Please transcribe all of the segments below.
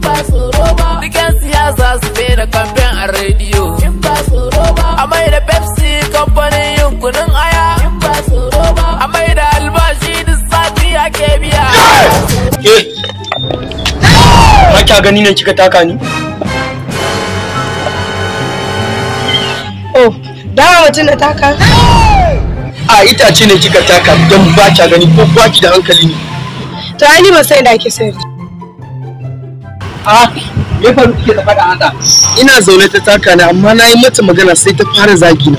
ba tsoro siyasa su daina kamfen a rediyo in ba tsoro ba a pepsi kamfanin yin aya a albashi duk sati ake biya ba kya nan kika taka ni oh dawa mutum na taka a itace ne kika taka don ba kya gani ko ki da hankali ne to ani ba da ake sani me faru kike ta faɗa haka ina zaune ta taka ni amma na yi mata magana sai ta fara zagi na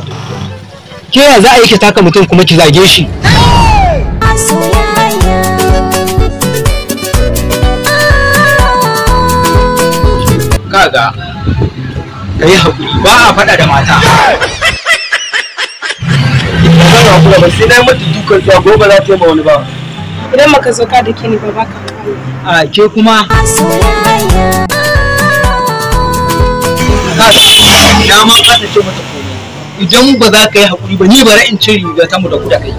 ke ya za a yi ki taka mutum kuma ki zage shi kaga kai hakuri ba a faɗa da mata zan hakura ba sai na yi mata dukan zuwa gobe za ta yi ma wani ba idan maka zo ka da ke ni ba ba ka a ke kuma na ma kasa ce mata komai idan ba za ka yi haƙuri ba ni bara in cin riga ta mu da kuda kai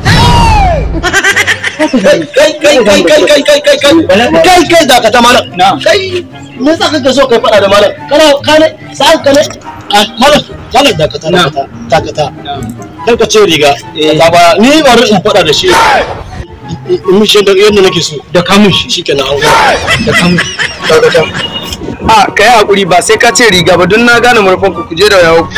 kai kai kai kai kai kai kai kai kai da ka ta malam kai me sa kake so kai faɗa da malam kana kana sa ka ne malam malam da ka ta ta ka ta kar ka ce riga ba ni bara in faɗa da shi in mishi yadda nake so da kamun shi shikenan an gama da kamun da ka a ah, kai haƙuri ba sai ka ce riga ba don na gane murfin ku je da yawo